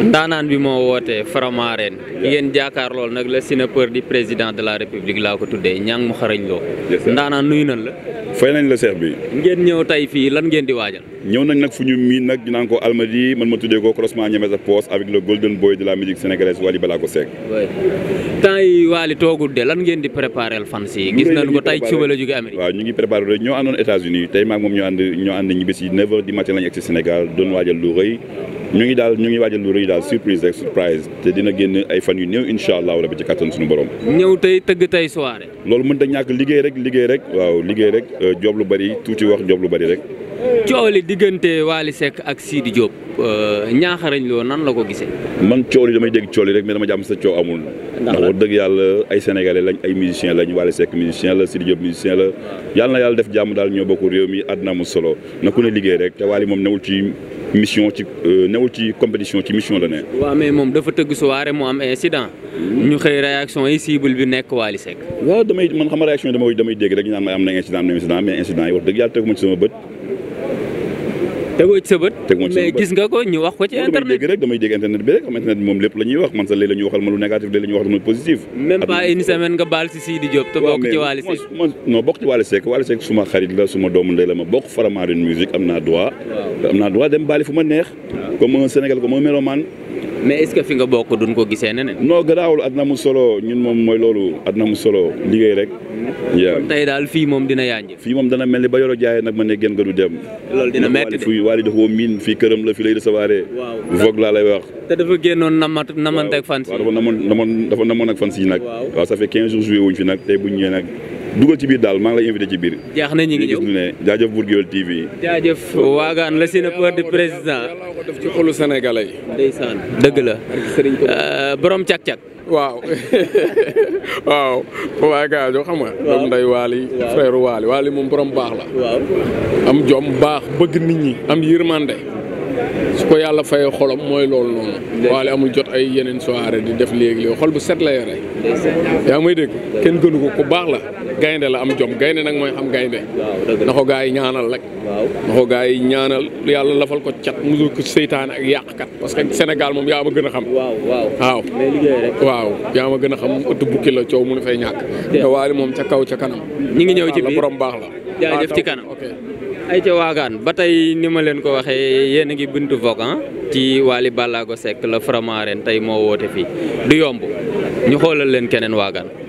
ndaanaan bi moo woote Faramareen yéen jaakaar lool nag la Sinapeur di président de la république laa ko tuddee ñang mu xarañ loo ndaanaan nuyu nañ la fay nañ la seex bi ngeen ñëw tey fii lan ngeen di waajal ñëw nañ nag fu ñu miin nag dinaan ko Almadies man ma tuddee ko croisement Niamey Poos avec le golden boy de la musique sénégalaise Wally Ballago Seck temps yi Wally toogul lan ngeen di préparé fans yi gis nañ ko tey suba la jóge ñu ngi préparé rek ñoo àndoon États-Unis tey maag moom ñoo ànd ñoo ànd ñibbi si 9 heures du matin ñu ngi daal ñu ngi waajal lu rëy daal surprise rek surprise te dina génn ay fan yu néew incha allah rabi ci kattan suñu borom. ñëw tey tëgg tey soirée. loolu mënut a ñàkk liggéey rek liggéey rek waaw liggéey rek euh, job lu bari tuuti wax job lu bari rek. coow diggante waali Seck ak Sidi Diop euh, ñaaxarañ loo nan la ko gisee. man coow li damay dégg coow li rek mais dama jàmm sa coow amul. ndax wax dëgg yàlla ay sénégalais lañ ay musiciens lañ Wally Seck musicien la Sidi Diop musicien la yàlla na def jàmm daal ñoo bokk réew mi àddina mu solo na ku ne liggéey rek te Wally moom newul ci mission ci euh, newul ci compétition ci mission la ne. waaw mais moom dafa tëgg soirée mu am incident. ñu xëy réaction yi cible bi nekk Wally Seck. waaw damay man xam réaction damay dégg rek ñu naan am na incident am na incident mais incident yi wax dëgg yàlla tegu ma sama bët. tegoo ci sa bët mais gis nga ko ñu wax ko ci internet bi rek am internet moom lépp la wax man sa léeg la waxal ma lu négatif léeg la ñuy positif même pas une semaine nga baal si Sidi Diop te bokk ci Wally Seck non bokk ci Wally suma xarit la suma doomu ndey la ma bokk Faramareen musique am naa droit am naa droit dem baali fu neex comme Sénégal comme un mélomane mais est-ce que fi nga bokk duñ ko gisee neneen. non garaawul àddina mu solo ñun moom mooy loolu àddina mu solo liggéey rek. kon tey daal fii moom dina yaaññi. fii moom dana mel ni ba yoro jaayee nag ma ne gën nga du dem. loolu dina dafa miin fii këram la fi lay recevoir. waaw vogue laa lay wax. te dafa génnoon namat namante ak fan si. waaw dafa namoon namoon dafa namoon ak fan si nag. waaw ça fait 15 jours joué wuñ fi nag tey bu ñu nag. dugal ci biir daal maa ngi lay invité ci biir. jaax na ñu ngi ñëw ñu ne jaajëf Bour Gueweul TV. jaajëf waagaan la seen peur président. ci xolu Sénégalais yi. dëgg la. Euh, boroom càq-càq. waaw waaw waaye gars xam nga. waaw doom ndey Waly. frère Waly Waly moom borom baax la. waaw am jom baax bëgg nit ñi am yërmande. su ko yàlla fayee xolam mooy loolu noonu. waale amul jot ay yeneen soirée di def léegi léegi xol bu set la yore. yaa may dégg kenn gënu ko ku baax la gaynde la am jom gaynde nag mooy xam gaynde na ko gaa yi ñaanal rek. na ko yi ñaanal yàlla lafal ko cat musul ko seytaane ak yàq kat parce que Sénégal moom yaa ma gën a xam. waaw waaw mais liggéey rek. yaa ma gën a xam ëtt bukki la coow mu nu fay ñàkk. te waale moom ca kaw ca kanam. ñi ngi ñëw ci la borom baax la. Ah, ay ca waagaan ba tey ni ma leen ko waxee yéen a ngi buntu Vocan ah, ci Wally Ballago Seck la Faramareen tey moo woote fii du yomb ñu xoolal leen keneen waagaan